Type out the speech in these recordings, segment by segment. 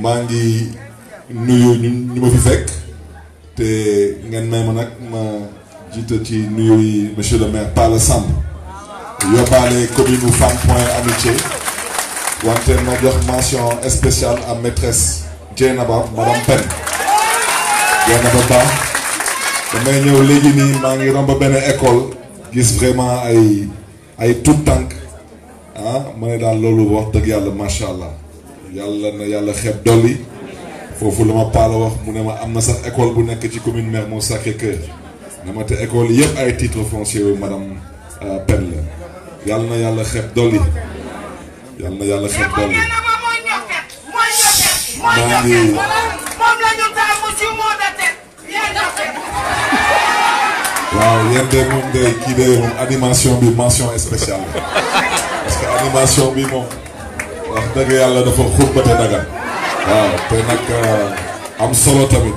Mangi ngi nuyu ñu ma fi fekk te ngeen may ma nag ma jiite ci nuyu yi monsieur le maire Palla Samb yóbbaale commune u Fann Point Amitié wante ma jox mention spéciale à maîtresse Dieynaba madame Pen Dieynaba Ba damay ñew légui ni maa ngi romb benn école gis vraiment ay ay tout tank. ah ma dal lolu wax dëgg yalla machallah yalla na yalla xeb doli fofu la ma wax mu ne ma am na sax école bu nek ci commune Mermoz Sacré-Cœur ne te école yëpp ay titre foncier yu madame euh, Pen la yàlla na yàlla xeeb dolli yàlla na yàlla xeeb dolli maa ngi waaw yéen de moom de kii de moom animation bi mention spéciale parce que animation bi moom wax yalla yàlla dafa xurbate daga waaw te nak euh, am solo tamit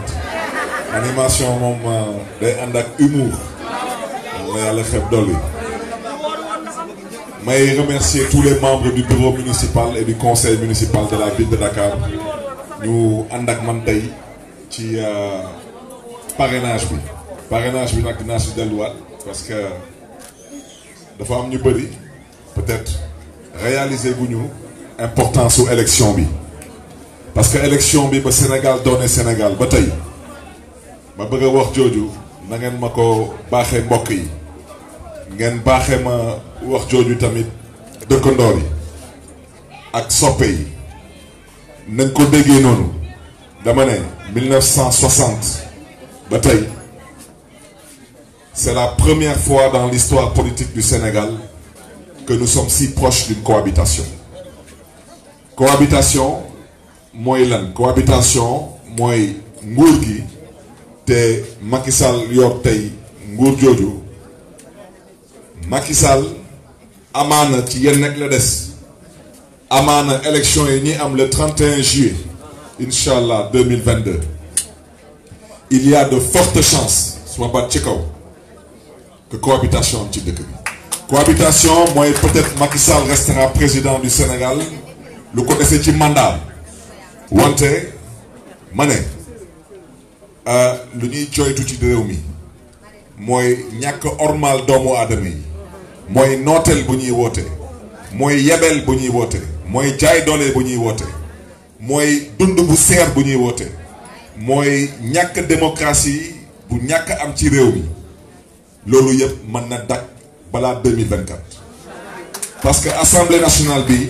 animation mom euh, day ànd ak humour la yàlla xeb dolli may remercier tous les membres du bureau municipal et du conseil municipal de la ville de Dakar ñu ànd ak man tay ci euh, parrainage bi parrainage bi nak dinaa si parce que dafa am ñu bëri peut-être réaliser gu ñu importance aux élections parce que l'élection bi Sénégal, Sénégal le Sénégal ba tey ma bëgg a wax jooju na ngeen ma ko mbokk yi ngeen ma wax jooju tamit ndor yi ak soppe yi nañ ko déggé 1960 ba c'est la première fois dans l'histoire politique du Sénégal que nous sommes si proches d'une cohabitation cohabitation Moylan, cohabitation Moy nguur gi Macky Sall yor tay nguur jooju Macky Sall amana ci yenn rek la dess amana élection yi ñi am le 31 juillet Inshallah 2022 il y a de fortes chances soit ma kaw que cohabitation ci cohabitation Moy peut-être Macky Sall restera président du Sénégal. lu ko dese ci mandat wante mane ne euh, lu ñuy coytu ci réew mi mooy ñàkk ormal doomu aadama yi mooy nooteel bu ñuy woote mooy yebel bu ñuy woote mooy jaay doole bu ñuy woote mooy dund bu seer bu ñuy woote mooy ñàkk démocratie bu ñàkk am ci réew mi loolu yëpp mën na dakk balaa 2024 assemblée nationale bi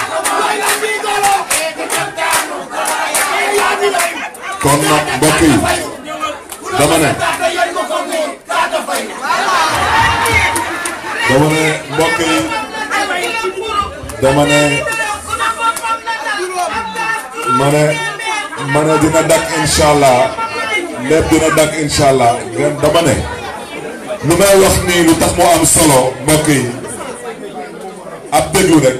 kon nag mbokk yi dama ne dama ne mbokk yi dama ne ma ne ma ne dina dak incha allah lépp dina dak incha allah dama ne lu may wax nii lu tax mu am solo mbokk yi ab déglu rek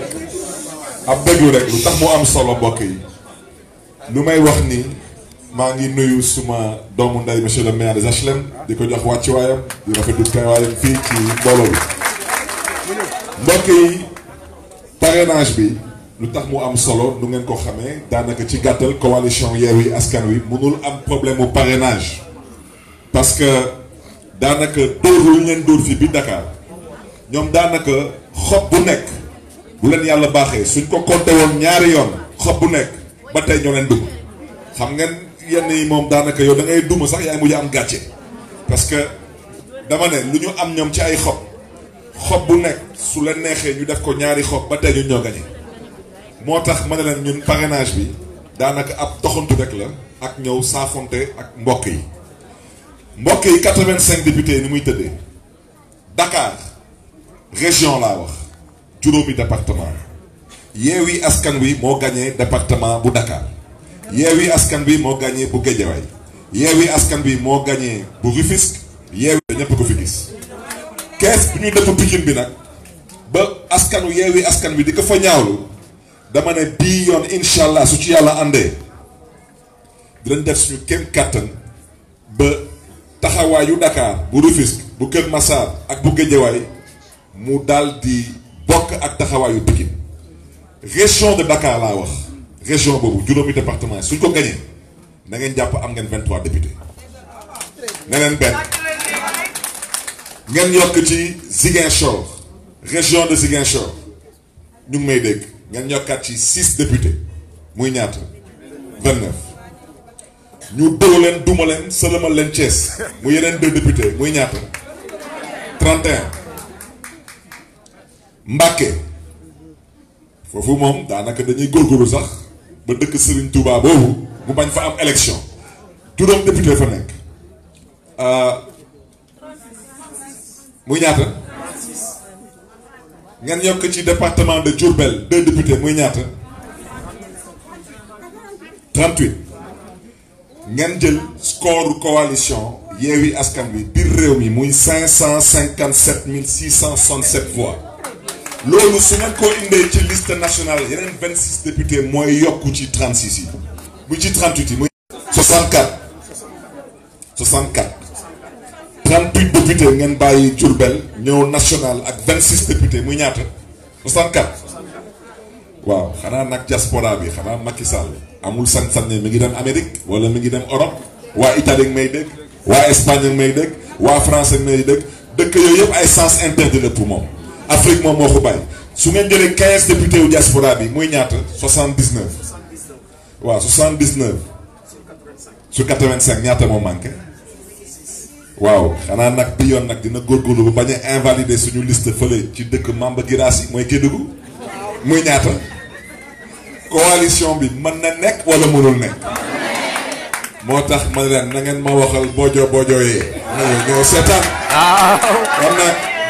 ab déglu rek lu tax mu am solo mbokk yi lu may wax nii maa ngi nuyu suma doomu nday monsieur le maire des HLM di ko jox wàccuwaayam di rafetlu teewaayam fii ci mbooloo bi mbokk yi parrainage bi lu tax mu am solo nu ngeen ko xamee daanaka ci gàttal coalition Yewwi Askan Wi mënul am problème mu parrainage parce que daanaka dóor lu ngeen dóor fii bi Dakar ñoom daanaka xob bu nekk bu leen yàlla baaxee suñ ko compté woon ñaari yoon xob bu nekk ba tey ñoo leen dugg xam ngeen. yenn yi moom daanaka yow da ngay duma sax yaay mujj am gàcce parce que dama ne lu ñu am ñoom ci ay xob xob bu nekk su la neexee ñu def ko ñaari xob ba tey ñun ñoo gañe moo tax ma ne leen ñun parrainage bi daanaka ab toxantu rek la ak ñëw saafonte ak mbokk yi mbokk yi 85 députés ni muy tëddee Dakar région là wax juróomi département Yéwi Askan Wi moo gañee département bu Dakar yewi askan bi mo gagné bu way yewi askan bi mo gagné bu Rufisque yeewi ñëpp ko fi gis kess bu ñu dëpp Pikine bi nak ba askanu yewi askan bi diko fa ñaawlu dama ne bi yon inshallah allah su ci yàlla di dinañ def suñu kéem katan ba taxawaayu Dakar bu bu Kër Massar ak bu way mu daldi di bok ak taxawaayu Pikine région de Dakar la wax région bobu juróomi département yi suñ ko gañee na ngeen japp am ngeen 23 députés ne ben ngeen yokk ci Ziguinchor région de Ziguinchor ñu ngi may dégg ngeen yokkaat ci 6 députés muy ñaata 29 ñu dóor leen duma leen sëlëmal leen Thiès mu yeneen deux députés muy ñaata 31 Mbàkke foofu moom daanaka dañuy góorgóorlu sax ba dëkk Serigne Touba mu bañ fa am élection député fa nekk euh, muy département de Diourbel deux députés muy ñaata 38 ngeen jël score coalition score Askan mi 557 667 voix loolu su ngeen ko indee ci liste nationale yeneen 26 député mooy yokku ci 36 yi bu ci 38 yi 64 64 38 député ngeen bàyyi Diourbel ñëw national ak 26 député muy ñaata 64 waaw xanaa nag diaspora bi xanaa Macky Sall amul sañ-sañ ne mi ngi dem Amérique wala mi ngi dem Europe waa Italie ak may dégg waa Espagne ak may dégg waa France ak may dégg dëkk ça yëpp ay sens interdit la pour moom Afrique moom moo ko bàyyi su ngeen jëlee quinze député wu diaspora bi muy ñaata soixante dix neuf waaw soixante dix neuf sur quatre vingt ñaata moo manqué waaw xanaa nag bi yoon nag dina góor bu ba a invalider suñu list fële ci dëkk membre giraas yi mooy Kédougou muy ñaata coalition bi mën na nekk wala mënul nekk moo tax ma leen na ngeen ma waxal bojo bojo yee ñoo seetaan ah. kon nag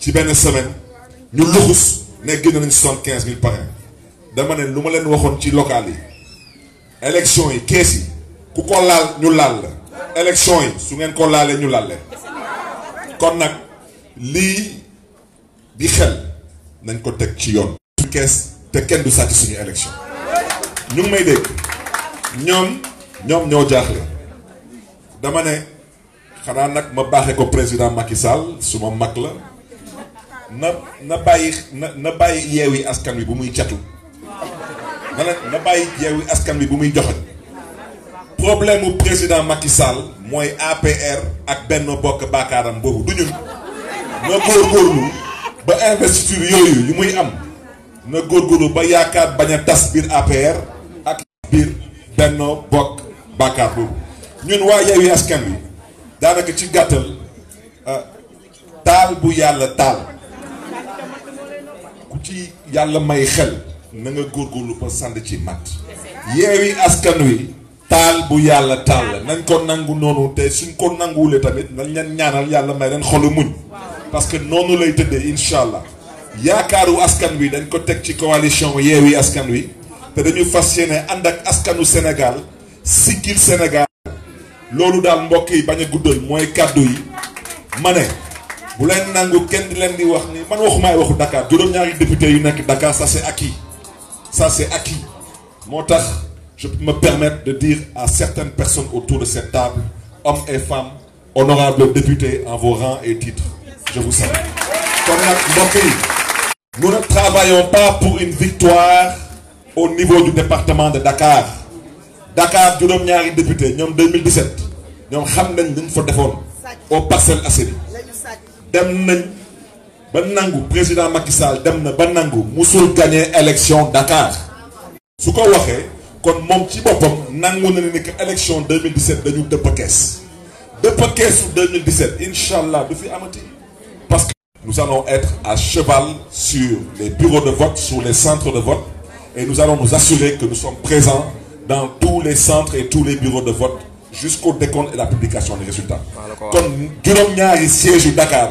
ci benn semaine ñu luxus ne génn nañ soixante quinze mille parrain dama ne lu ma leen waxoon ci local yi élection yi kees yi ku ko laal ñu laal la élection yi su ngeen ko laalee ñu laal leen kon nag lii di xel nañ ko teg ci yoon suñu kees te kenn du sàcc suñu élection ñu ngi may dégg ñoom ñoom ñoo jaaxle dama ne xanaa nag ma baaxee ko président Macky Sall su ma mag la na na bàyyi na bàyyi yeewi askan wi bu muy catu na na bàyyi askan wi bu muy joxoñ problème mu président Macky Sall mooy APR ak benn bokk baakaaram boobu du ñun na góorgóorlu ba investiture yooyu yu muy am na góorgóorlu ba yaakaar bañ a tas biir APR ak biir benn bokk baakaar boobu ñun waa yeewi askan wi daanaka ci gàttal ah, taal bu yàlla taal ku ci yàlla may xel na nga góorgóorlu ko sànd ci mat yeewi askan wi taal bu yàlla taal la nañ ko nangu noonu te suñ ko nanguwulee tamit nañ leen ñaanal yàlla may leen xolu muñ parce que noonu lay tëddee incha allah yaakaaru askan wi dañ ko teg ci coalition yeewi askan wi te dañu fas yéene ànd ak askanu Sénégal siggil Sénégal loolu daal mbokk yi bañ a guddal mooy kàddu yi ma ne Dakar Dakar ça c'est acquis je peux me permettre de dire à certaines personnes autour de cette table hommes et femmes honorables députés en vos rangs et titres je vous salue nous ne travaillons pas pour une victoire au niveau du département de Dakar Dakar ñaari député ñom 2017 nous xam nañ luñ fa au Parcel dem président Macky Sall dem na ba élection Dakar su ko kon mom ci nangou na que élection 2017 dañu dëpp caisse dëpp sous 2017 Inch'Allah, depuis fi amati parce que nous allons être à cheval sur les bureaux de vote sur les centres de vote et nous allons nous assurer que nous sommes présents dans tous les centres et tous les bureaux de vote jusqu'au décompte et la publication des résultats Comme juróom Il siège Dakar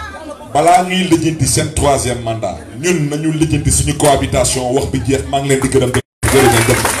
bala ñuy lijjanti seen troisième mandat ñun nañu lijjanti suñu cohabitation wax bi jeex maa ngi leen di gërëm di jërëjëf